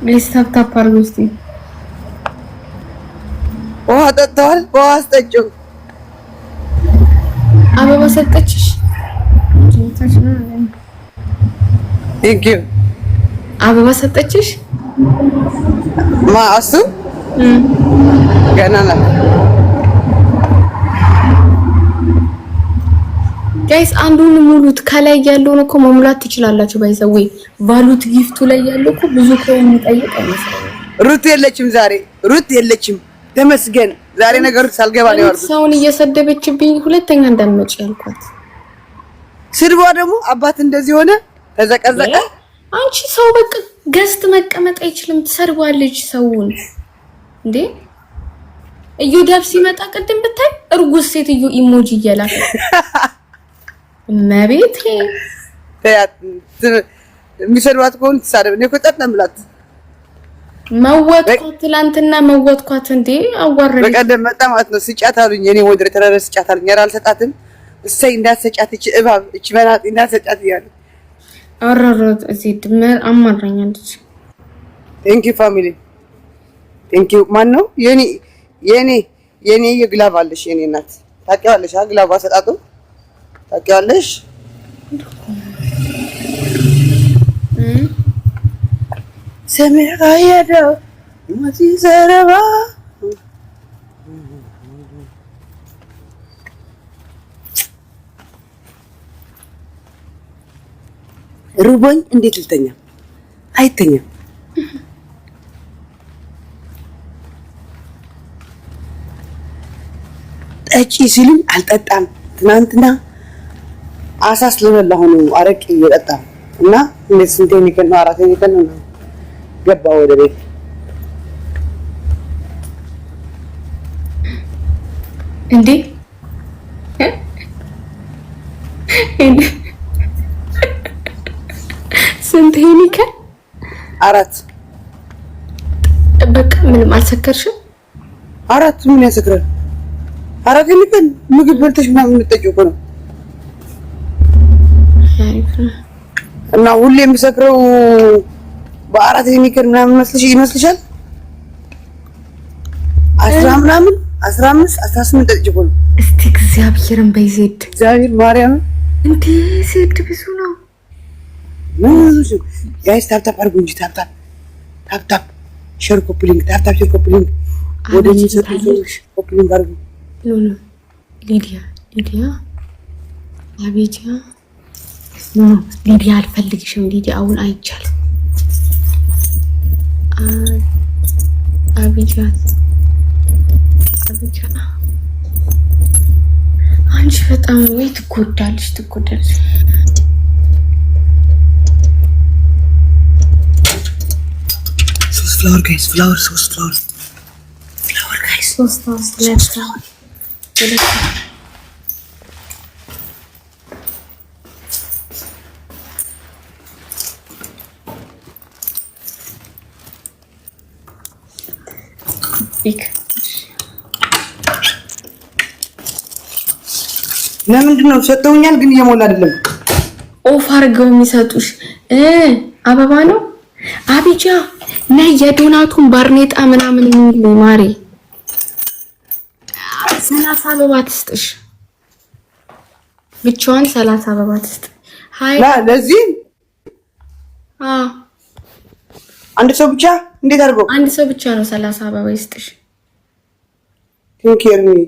ፕሊስ ታፕታፕ አድርጉ እስቲ። ውሃ ጠጥተዋል። ውሃ አስጠጪው። አበባ ሰጠችሽ። አበባ ሰጠችሽ። ማ እሱ ገና ነው። ጋይስ አንዱን ሙሉት። ከላይ ያለውን እኮ መሙላት ትችላላችሁ ባሉት ጊፍቱ ላይ ያለው እኮ ብዙ ከሆነ የሚጠይቅ አይመስለኝም። ሩት የለችም ዛሬ፣ ሩት የለችም ተመስገን። ዛሬ ነገሩ ሳልገባ ነው ያልኩት። ሰውን እየሰደበችብኝ ሁለተኛ እንዳትመጪ ያልኳት። ስድቧ ደግሞ አባት እንደዚህ ሆነ ተዘቀዘቀ። አንቺ ሰው በቃ ገዝት መቀመጥ አይችልም። ትሰርባለች ሰውን እንዴ እዮዳብ ሲመጣ ቅድም ብታይ እርጉዝ ሴትዮ ኢሞጂ እየላከ እመቤቴ የሚሰድባት ከሆነ ትሳደብ። እኔ እኮ ጸጥ ነው የምላት። መወጥኳት ትላንትና መወጥኳት። እንዴ አዋረደ። በቀደም መጣ ማለት ነው ስጫት አሉኝ። እኔ ወድሬ ተረረ ስጫት አሉኝ። ኧረ አልሰጣትም። እሰይ እንዳትሰጫት፣ እቺ እባብ፣ እቺ መናጢ እንዳትሰጫት እያሉ አረረ። እዚህ ድመር አማራኛለች። ቴንኪ ፋሚሊ ቴንኪ። ማን ነው የኔ የኔ የኔ የግላብ አለሽ የኔ እናት ታውቂዋለሽ። ግላብ አሰጣጡ ታውቂዋለሽ። semirayero muzizereba ርቦኝ እንዴት ልተኛ? አይተኛም። ጠጪ ሲሉኝ አልጠጣም። ትናንትና አሳስ ለበላሁ ነው አረቄ እየጠጣም እና እንዴት ስንቴ ነው አራቴ ነው ገባ ወደ ቤት። እንዴ ስንት ሄኒከል? አራት በቃ ምንም አልሰከርሽም? አራት ምን ያሰክራል? አራት ሄኒከን ምግብ በልተሽ ምናምን የምትጠጪው እኮ ነው። እና ሁሌ የምሰክረው በአራት የሚከር ምናምን መስልሽ ይመስልሻል? አስራ ምናምን አስራ አምስት አስራ ስምንት ጠጭቆ ነው። እስቲ እግዚአብሔርን በይ ዜድ እግዚአብሔር ማርያምን እንዴ ዜድ ብዙ ነው። ጋይስ ታፕታፕ አድርጉ እንጂ ታፕታፕ ታፕታፕ ሸር ኮፕሊንግ ታፕታፕ ሸር ኮፕሊንግ ወደ ሚሰጡ ኮፕሊንግ አድርጉ። ሊዲያ ሊዲያ አቤጃ ሊዲያ አልፈልግሽም። ሊዲያ አሁን አይቻልም። አቢጋል አቢጋ አንቺ በጣም ወይ ትጎዳለች ትጎዳለች። ሶስት ፍላወር ጋይስ ፍላወር ሶስት ፍላወር ፍላወር ጋይስ ሶስት ፍላወር ስቲክ ለምንድን ነው ሰጠውኛል፣ ግን እየሞላ አይደለም። ኦፍ አድርገው የሚሰጡሽ አበባ ነው። አቢጃ ነይ የዶናቱን ባርኔጣ ምናምን የሚል ማሬ ሰላሳ አበባ ትስጥሽ፣ ብቻዋን ሰላሳ አበባ ትስጥ። ሀይ ለዚህ አንድ ሰው ብቻ እንዴት አድርገው? አንድ ሰው ብቻ ነው ሰላሳ አበባ ይስጥሽ። Don't care me.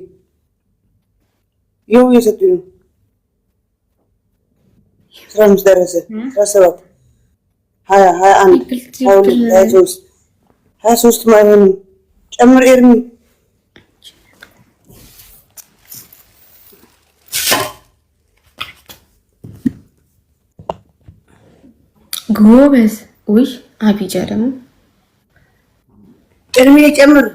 ይኸው እየሰጡኝ ነው። አስራ አምስት ደረሰ። አስራ ሰባት ሀያ ሀያ አንድ ሀያ ሁለት ሀያ ሶስት ሀያ ሶስት ማይሆን ጨምር ኤርሚ ጎበዝ። ውይ አቢጃ ደግሞ ኤርሚ ጨምር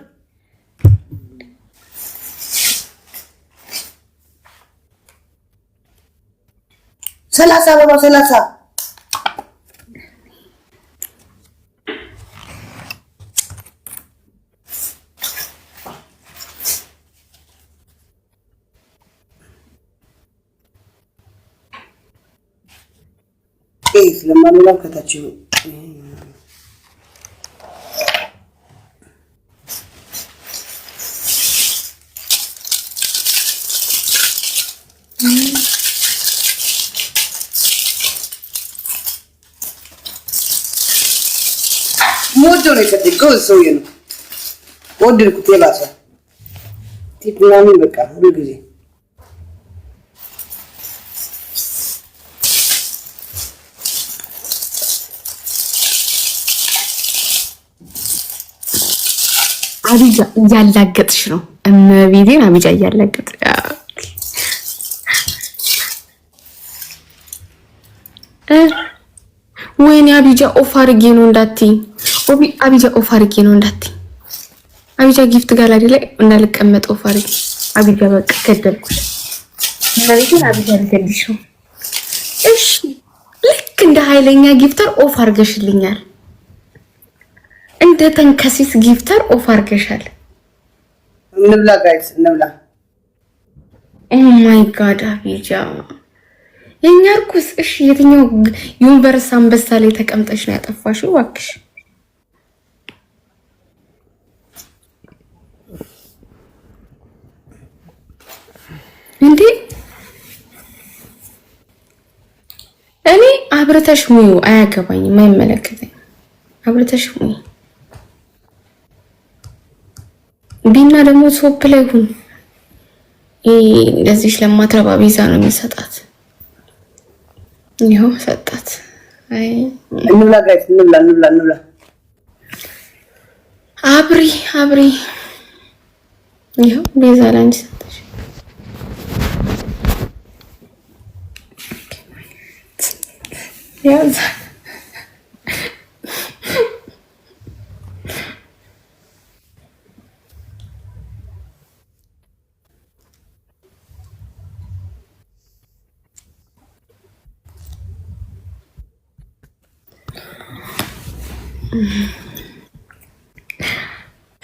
ሰላሳ አበባ ሰላሳ ለማንኛውም ከታች ሞጆ ነው ሰው ሰውዬ ነው። ወደድኩት። የላሰ ቲፕ ምናምን በቃ ሁሉ ጊዜ አቢጃ እያላገጥሽ ነው። እመቤቴን አቢጃ እያላገጥ ወይኔ አቢጃ ኦፍ አድርጌ ነው እንዳትይ ኦቢ አቢጃ ኦፍ አድርጌ ነው እንዳትይ። አቢጃ ጊፍት ጋላሪ ላይ እንዳልቀመጥ ኦፍ አድርጌ አቢጃ በቃ ገደልኩሽ። እናንተን አቢጃ ልገልሽ ነው። እሺ ልክ እንደ ኃይለኛ ጊፍተር ኦፍ አድርገሽልኛል። እንደ ተንከሲስ ጊፍተር ኦፍ አድርገሻል። እንብላ ጋይስ እንብላ። ኦ ማይ ጋድ አቢጃ የኛ እርኩስ። እሺ የትኛው ዩኒቨርስ አንበሳ ላይ ተቀምጠሽ ነው ያጠፋሽው? እባክሽ እንዴ እኔ አብረተሽ ሙዩ አያገባኝም፣ አይመለከተኝም። አብረተሽ ሙዩ ቢና ደግሞ ሶፕ ላይ ሁን። እንደዚህ ለማትረባ ቪዛ ነው የሚሰጣት። ይኸው ሰጣት። አይ ጋይስ፣ እንብላ፣ እንብላ፣ እንብላ። አብሪ፣ አብሪ። ይኸው ቪዛ ላንቺ ሰጠሽ። ያዝ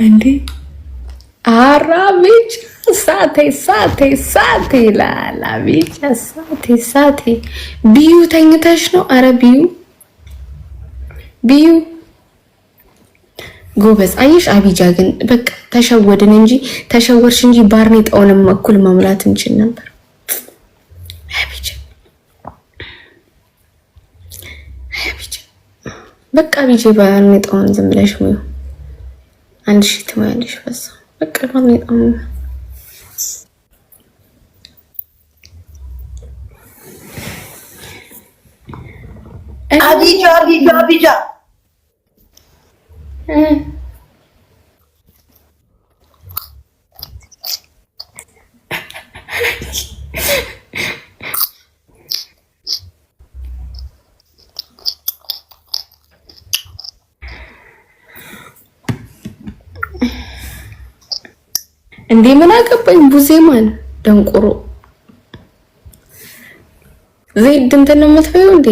እንዴ አራቤች ሳቴ ሳቴ ሳቴ ላላ ቤቻ ሳቴ ሳቴ ቢዩ ተኝተሽ ነው? አረ ቢዩ ቢዩ ጎበዝ። አየሽ አቢጃ ግን በቃ ተሸወድን እንጂ ተሸወርሽ እንጂ ባርኔጣውንም እኩል መምላት እንችል ነበር። አቢጃ አቢጃ በቃ አቢጃ ባርኔጣውን ዝም ብለሽ ወይ አንድ ሺህ ትሞያለሽ። በቃ ባርኔጣውን Abi Evet. Abici abici abici. Hmm. Di mana kapan Ibu Seman dan Kuruk? ዜድ እንትን ነው የምትበይው እንዴ?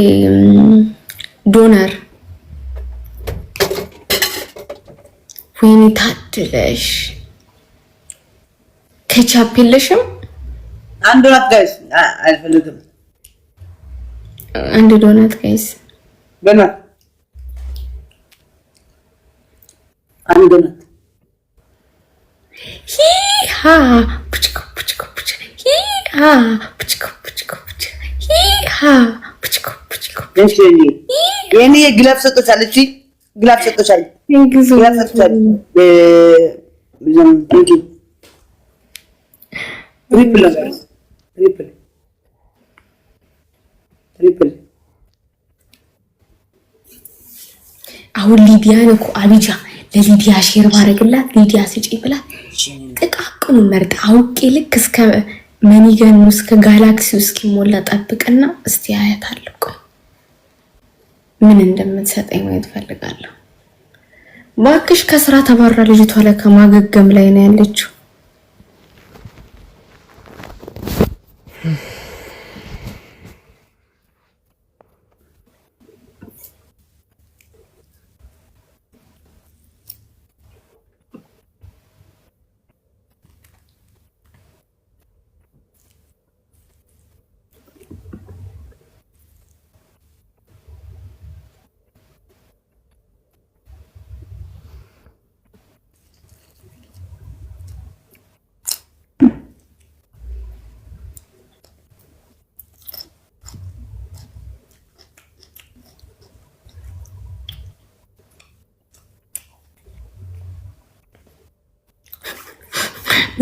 ዶነር ወይኔ ታድለሽ። ኬቻፕ የለሽም? አንድ ዶናት ጋይስ፣ አልፈልግም። አንድ ዶናት ጋይስ፣ ዶናት፣ አንድ ዶናት። ሂ ፑችኩ ፑችኩ ፑችኩ ሂ ፑችኩ ፑችኩ ግላፍ ሰጦቻለች። ግላፍ አሁን እኮ አቢጃ ለሊዲያ ሼር ባረግላት ሊዲያ ስጪ ብላት ጥቃቅኑን መርጣ አውቄ ልክ እስከ መኒገኑ እስከ ጋላክሲው እስኪሞላ ጠብቅና እስቲ አያታለሁ። ምን እንደምትሰጠኝ ማየት ፈልጋለሁ። ባክሽ ከስራ ተባራ። ልጅቷ ከማገገም ላይ ነው ያለችው።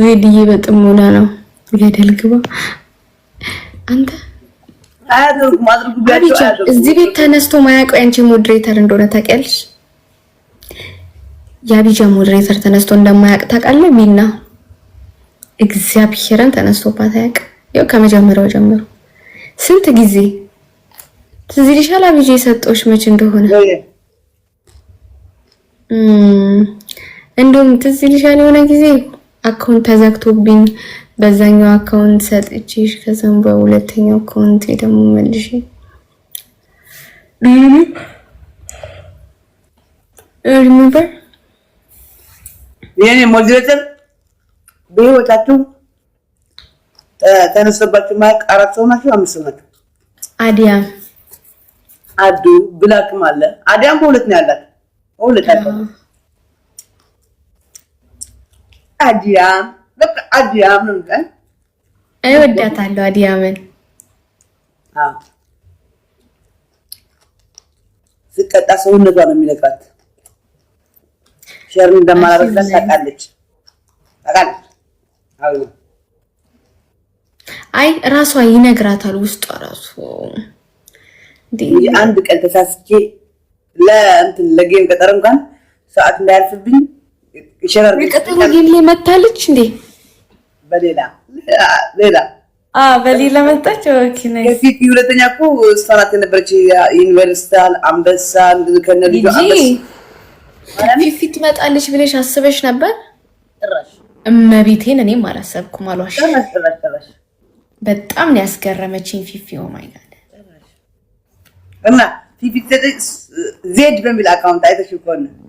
ዜድዬ በጥሞና ነው ገደል ግባ። አንተ እዚህ ቤት ተነስቶ ማያውቀው ያንቺ ሞዴሬተር እንደሆነ ታውቂያለሽ። የአቢጃ ሞዴሬተር ተነስቶ እንደማያውቅ ታውቃለህ። ቢና እግዚአብሔርን ተነስቶባት አያውቅም። ያው ከመጀመሪያው ጀምሮ ስንት ጊዜ ትዝ ይልሻል አብዬ የሰጠሁሽ መች እንደሆነ እንዲሁም ትዝ ይልሻል የሆነ ጊዜ አካውንት ተዘግቶብኝ በዛኛው አካውንት ሰጥቼሽ ከዛም በሁለተኛው አካውንት ደግሞ መልሽ ሪሜምበር የኔ ሞዴሬተር በህይወታችሁ ተነስተባችሁ ማቅ አራት ሰው ናቸው፣ አምስት ሰው ናቸው። አዲያ አዱ ብላክም አለ። አዲያም በሁለት ነው ያላት በሁለት አዲያም በቃ አዲያም ነው እንዴ? እወዳታለሁ አዲያምን። ስቀጣ ሰውነቷ ነው የሚነግራት። ሸርን እንደማላረጋት ታውቃለች ታውቃለች። አይ ራሷ ይነግራታል። ውስጧ ራሱ አንድ ቀን ተሳስቼ ለእንትን ለጌም ቀጠር እንኳን ሰዓት እንዳያልፍብኝ ቀጠሮ ጌም ላይ መታለች እንዴ? በሌላ ሌላ በሌላ መጣች። ከፊት ሁለተኛ እኮ እሷ የነበረች ዩኒቨርሲታል አንበሳን ከነ ልጁ ፊት መጣለች ብለሽ አስበሽ ነበር? እመቤቴን እኔም አላሰብኩም አሏሽ። በጣም ነው ያስገረመችኝ ፊፊ ኦማይ ጋድ እና ፊፊ ዜድ በሚል አካውንት አይተሽ እኮ